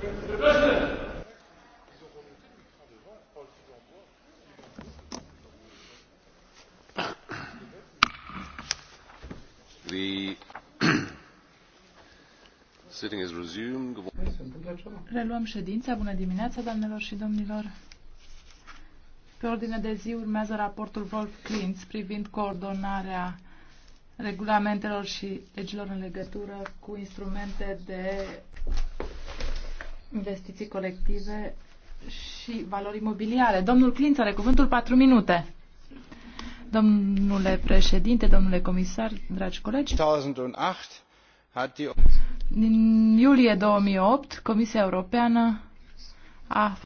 The sitting is resumed. Reluăm ședința. Bună dimineața, doamnelor și domnilor. Pe ordine de zi urmează raportul Wolf Klintz privind coordonarea regulamentelor și legilor în legătură cu instrumente de investiții colective și valori imobiliare. Domnul Clinț are cuvântul 4 minute. Domnule președinte, domnule comisar, dragi colegi, din iulie 2008, Comisia Europeană a